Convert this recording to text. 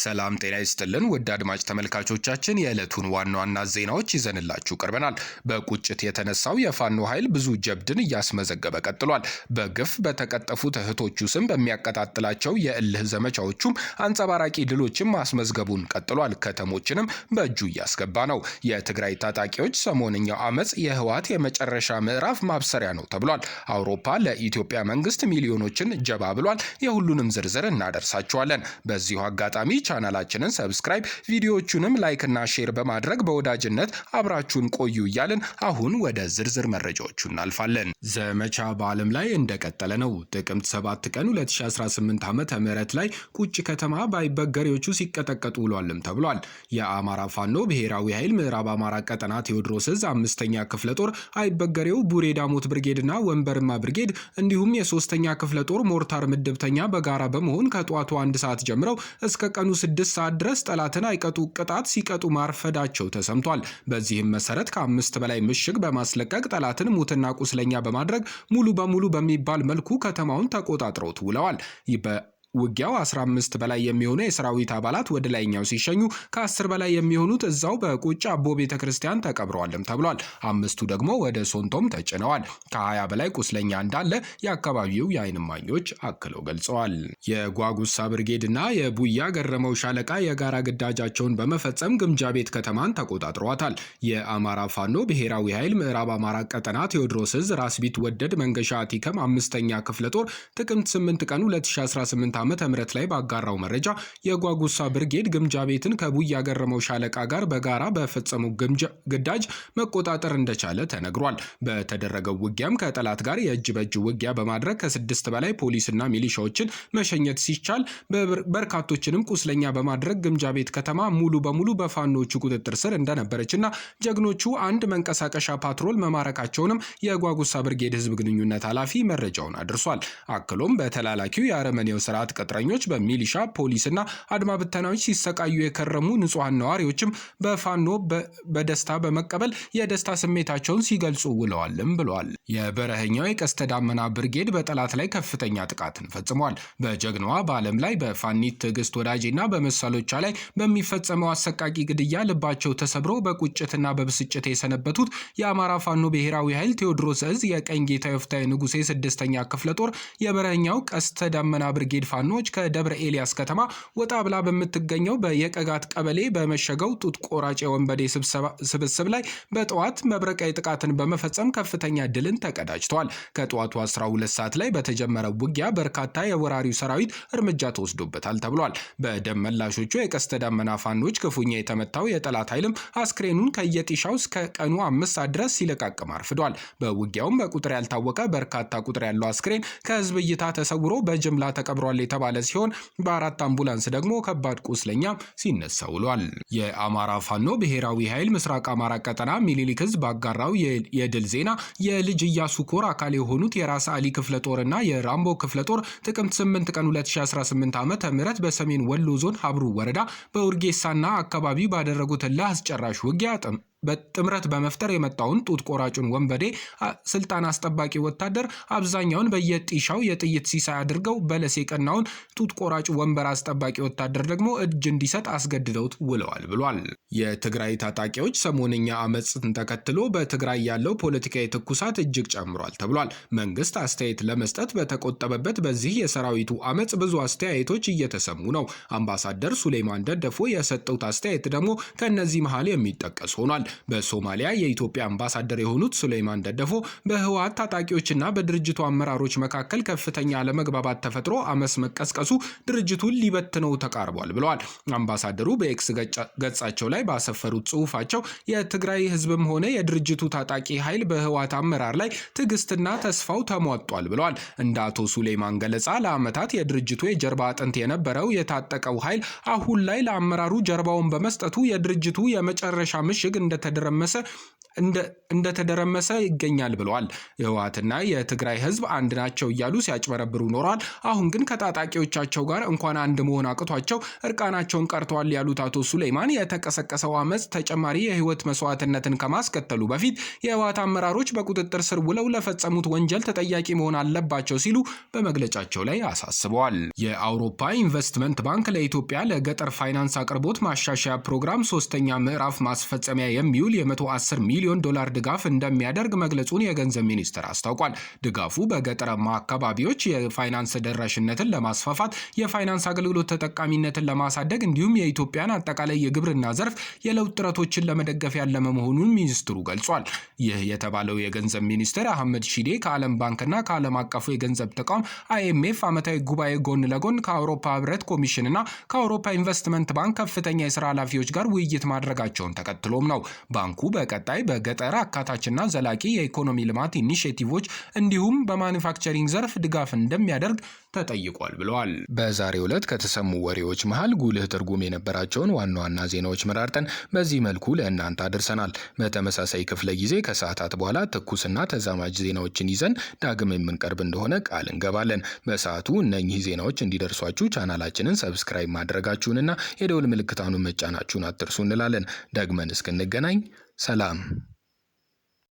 ሰላም ጤና ይስጥልን ውድ አድማጭ ተመልካቾቻችን፣ የዕለቱን ዋና ዋና ዜናዎች ይዘንላችሁ ቀርበናል። በቁጭት የተነሳው የፋኖ ኃይል ብዙ ጀብድን እያስመዘገበ ቀጥሏል። በግፍ በተቀጠፉት እህቶቹ ስም በሚያቀጣጥላቸው የእልህ ዘመቻዎቹም አንጸባራቂ ድሎችን ማስመዝገቡን ቀጥሏል። ከተሞችንም በእጁ እያስገባ ነው። የትግራይ ታጣቂዎች ሰሞንኛው አመፅ የህወሓት የመጨረሻ ምዕራፍ ማብሰሪያ ነው ተብሏል። አውሮፓ ለኢትዮጵያ መንግስት ሚሊዮኖችን ጀባ ብሏል። የሁሉንም ዝርዝር እናደርሳችኋለን። በዚሁ አጋጣሚ ቻናላችንን ሰብስክራይብ፣ ቪዲዮዎቹንም እና ሼር በማድረግ በወዳጅነት አብራችሁን ቆዩ እያልን አሁን ወደ ዝርዝር መረጃዎቹ እናልፋለን። ዘመቻ በዓለም ላይ እንደቀጠለ ነው። ጥቅምት 7 ቀን 2018 ዓመተ ምህረት ላይ ቁጭ ከተማ ባይበገሬዎቹ ሲቀጠቀጡ ውሏልም ተብሏል። የአማራ ፋኖ ብሔራዊ ኃይል ምዕራብ አማራ ቀጠና ቴዎድሮስ እዝ አምስተኛ ክፍለ ጦር አይበገሬው ቡሬ ዳሞት ብርጌድና ወንበርማ ብርጌድ እንዲሁም የሶስተኛ ክፍለ ጦር ሞርታር ምድብተኛ በጋራ በመሆን ከጠዋቱ አንድ ሰዓት ጀምረው እስከ ቀኑ ስድስት ሰዓት ድረስ ጠላትን አይቀጡ ቅጣት ሲቀጡ ማርፈዳቸው ተሰምቷል። በዚህም መሰረት ከአምስት በላይ ምሽግ በማስለቀቅ ጠላትን ሙትና ቁስለኛ በማድረግ ሙሉ በሙሉ በሚባል መልኩ ከተማውን ተቆጣጥረውት ውለዋል። ውጊያው 15 በላይ የሚሆኑ የሰራዊት አባላት ወደ ላይኛው ሲሸኙ ከ10 በላይ የሚሆኑት እዛው በቁጭ አቦ ቤተ ክርስቲያን ተቀብረዋልም ተብሏል። አምስቱ ደግሞ ወደ ሶንቶም ተጭነዋል። ከ20 በላይ ቁስለኛ እንዳለ የአካባቢው የአይን እማኞች አክለው ገልጸዋል። የጓጉሳ ብርጌድ እና የቡያ ገረመው ሻለቃ የጋራ ግዳጃቸውን በመፈጸም ግምጃ ቤት ከተማን ተቆጣጥሯታል። የአማራ ፋኖ ብሔራዊ ኃይል ምዕራብ አማራ ቀጠና ቴዎድሮስ ዕዝ ራስ ቢት ወደድ መንገሻ አቲከም አምስተኛ ክፍለ ጦር ጥቅምት 8 ቀን 2018 ምህረት ላይ ባጋራው መረጃ የጓጉሳ ብርጌድ ግምጃ ቤትን ከቡያ ገረመው ሻለቃ ጋር በጋራ በፈጸሙ ግዳጅ መቆጣጠር እንደቻለ ተነግሯል። በተደረገው ውጊያም ከጠላት ጋር የእጅ በእጅ ውጊያ በማድረግ ከስድስት በላይ ፖሊስና ሚሊሻዎችን መሸኘት ሲቻል በርካቶችንም ቁስለኛ በማድረግ ግምጃ ቤት ከተማ ሙሉ በሙሉ በፋኖቹ ቁጥጥር ስር እንደነበረችና ጀግኖቹ አንድ መንቀሳቀሻ ፓትሮል መማረካቸውንም የጓጉሳ ብርጌድ ህዝብ ግንኙነት ኃላፊ መረጃውን አድርሷል። አክሎም በተላላኪው የአረመኔው ስርዓት የልማት ቅጥረኞች በሚሊሻ ፖሊስና አድማ ብተናዎች ሲሰቃዩ የከረሙ ንጹሐን ነዋሪዎችም በፋኖ በደስታ በመቀበል የደስታ ስሜታቸውን ሲገልጹ ውለዋልም ብለዋል። የበረሃኛው የቀስተ ዳመና ብርጌድ በጠላት ላይ ከፍተኛ ጥቃትን ፈጽሟል። በጀግናዋ በዓለም ላይ በፋኒት ትዕግስት ወዳጄና በመሰሎቿ ላይ በሚፈጸመው አሰቃቂ ግድያ ልባቸው ተሰብሮ በቁጭትና በብስጭት የሰነበቱት የአማራ ፋኖ ብሔራዊ ኃይል ቴዎድሮስ እዝ የቀኝ ጌታ የወፍታዊ ንጉሴ ስድስተኛ ክፍለ ጦር የበረሃኛው ቀስተ ደመና ብርጌድ ፋ ፋኖች ከደብረ ኤልያስ ከተማ ወጣ ብላ በምትገኘው በየቀጋት ቀበሌ በመሸገው ጡት ቆራጭ የወንበዴ ስብስብ ላይ በጠዋት መብረቃዊ ጥቃትን በመፈጸም ከፍተኛ ድልን ተቀዳጅተዋል። ከጠዋቱ 12 ሰዓት ላይ በተጀመረው ውጊያ በርካታ የወራሪው ሰራዊት እርምጃ ተወስዶበታል ተብሏል። በደም መላሾቹ የቀስተ ደመና ፋኖች ክፉኛ የተመታው የጠላት ኃይልም አስክሬኑን ከየጢሻው እስከ ቀኑ አምስት ሰዓት ድረስ ሲለቃቅም አርፍዷል። በውጊያውም በቁጥር ያልታወቀ በርካታ ቁጥር ያለው አስክሬን ከህዝብ እይታ ተሰውሮ በጅምላ ተቀብሯል የተባለ ሲሆን በአራት አምቡላንስ ደግሞ ከባድ ቁስለኛ ሲነሳ ውሏል። የአማራ ፋኖ ብሔራዊ ኃይል ምስራቅ አማራ ቀጠና ሚሊሊክ ህዝብ ባጋራው የድል ዜና የልጅ እያሱ ኮር አካል የሆኑት የራስ አሊ ክፍለ ጦርና የራምቦ ክፍለ ጦር ጥቅምት 8 ቀን 2018 ዓ ም በሰሜን ወሎ ዞን ሀብሩ ወረዳ በውርጌሳና አካባቢ ባደረጉት እልህ አስጨራሽ ውጊያ ጥምረት በመፍጠር የመጣውን ጡት ቆራጩን ወንበዴ ስልጣን አስጠባቂ ወታደር አብዛኛውን በየጢሻው የጥይት ሲሳይ አድርገው በለስ የቀናውን ጡት ቆራጩ ወንበር አስጠባቂ ወታደር ደግሞ እጅ እንዲሰጥ አስገድደውት ውለዋል ብሏል። የትግራይ ታጣቂዎች ሰሞንኛ አመፅን ተከትሎ በትግራይ ያለው ፖለቲካዊ ትኩሳት እጅግ ጨምሯል ተብሏል። መንግስት አስተያየት ለመስጠት በተቆጠበበት በዚህ የሰራዊቱ አመፅ ብዙ አስተያየቶች እየተሰሙ ነው። አምባሳደር ሱሌይማን ደደፎ የሰጠውት አስተያየት ደግሞ ከእነዚህ መሃል የሚጠቀስ ሆኗል። በሶማሊያ የኢትዮጵያ አምባሳደር የሆኑት ሱሌይማን ደደፎ በህወሓት ታጣቂዎችና በድርጅቱ አመራሮች መካከል ከፍተኛ አለመግባባት ተፈጥሮ አመስ መቀስቀሱ ድርጅቱን ሊበትነው ተቃርቧል ብለዋል። አምባሳደሩ በኤክስ ገጻቸው ላይ ባሰፈሩት ጽሁፋቸው የትግራይ ህዝብም ሆነ የድርጅቱ ታጣቂ ኃይል በህወሓት አመራር ላይ ትዕግስትና ተስፋው ተሟጧል ብለዋል። እንደ አቶ ሱሌይማን ገለጻ ለዓመታት የድርጅቱ የጀርባ አጥንት የነበረው የታጠቀው ኃይል አሁን ላይ ለአመራሩ ጀርባውን በመስጠቱ የድርጅቱ የመጨረሻ ምሽግ እንደ ከተደረመሰ እንደተደረመሰ ይገኛል ብለዋል። የህወሓትና የትግራይ ህዝብ አንድ ናቸው እያሉ ሲያጭበረብሩ ኖረዋል። አሁን ግን ከታጣቂዎቻቸው ጋር እንኳን አንድ መሆን አቅቷቸው እርቃናቸውን ቀርተዋል ያሉት አቶ ሱሌይማን የተቀሰቀሰው አመፅ ተጨማሪ የህይወት መስዋዕትነትን ከማስከተሉ በፊት የህወሓት አመራሮች በቁጥጥር ስር ውለው ለፈጸሙት ወንጀል ተጠያቂ መሆን አለባቸው ሲሉ በመግለጫቸው ላይ አሳስበዋል። የአውሮፓ ኢንቨስትመንት ባንክ ለኢትዮጵያ ለገጠር ፋይናንስ አቅርቦት ማሻሻያ ፕሮግራም ሶስተኛ ምዕራፍ ማስፈጸሚያ የሚውል የ110 ሚሊዮን ሚሊዮን ዶላር ድጋፍ እንደሚያደርግ መግለጹን የገንዘብ ሚኒስቴር አስታውቋል። ድጋፉ በገጠራማ አካባቢዎች የፋይናንስ ተደራሽነትን ለማስፋፋት፣ የፋይናንስ አገልግሎት ተጠቃሚነትን ለማሳደግ እንዲሁም የኢትዮጵያን አጠቃላይ የግብርና ዘርፍ የለውጥ ጥረቶችን ለመደገፍ ያለመ መሆኑን ሚኒስትሩ ገልጿል። ይህ የተባለው የገንዘብ ሚኒስትር አህመድ ሺዴ ከዓለም ባንክና ከዓለም አቀፉ የገንዘብ ተቋም አይኤምኤፍ ዓመታዊ ጉባኤ ጎን ለጎን ከአውሮፓ ህብረት ኮሚሽንና ከአውሮፓ ኢንቨስትመንት ባንክ ከፍተኛ የስራ ኃላፊዎች ጋር ውይይት ማድረጋቸውን ተከትሎም ነው። ባንኩ በቀጣይ በገጠር አካታችና ዘላቂ የኢኮኖሚ ልማት ኢኒሽቲቮች እንዲሁም በማኒፋክቸሪንግ ዘርፍ ድጋፍ እንደሚያደርግ ተጠይቋል ብለዋል። በዛሬው ዕለት ከተሰሙ ወሬዎች መሃል ጉልህ ትርጉም የነበራቸውን ዋና ዋና ዜናዎች መራርጠን በዚህ መልኩ ለእናንተ አድርሰናል። በተመሳሳይ ክፍለ ጊዜ ከሰዓታት በኋላ ትኩስና ተዛማጅ ዜናዎችን ይዘን ዳግም የምንቀርብ እንደሆነ ቃል እንገባለን። በሰዓቱ እነኚህ ዜናዎች እንዲደርሷችሁ ቻናላችንን ሰብስክራይብ ማድረጋችሁንና የደውል ምልክታኑን መጫናችሁን አትርሱ እንላለን። ደግመን እስክንገናኝ ሰላም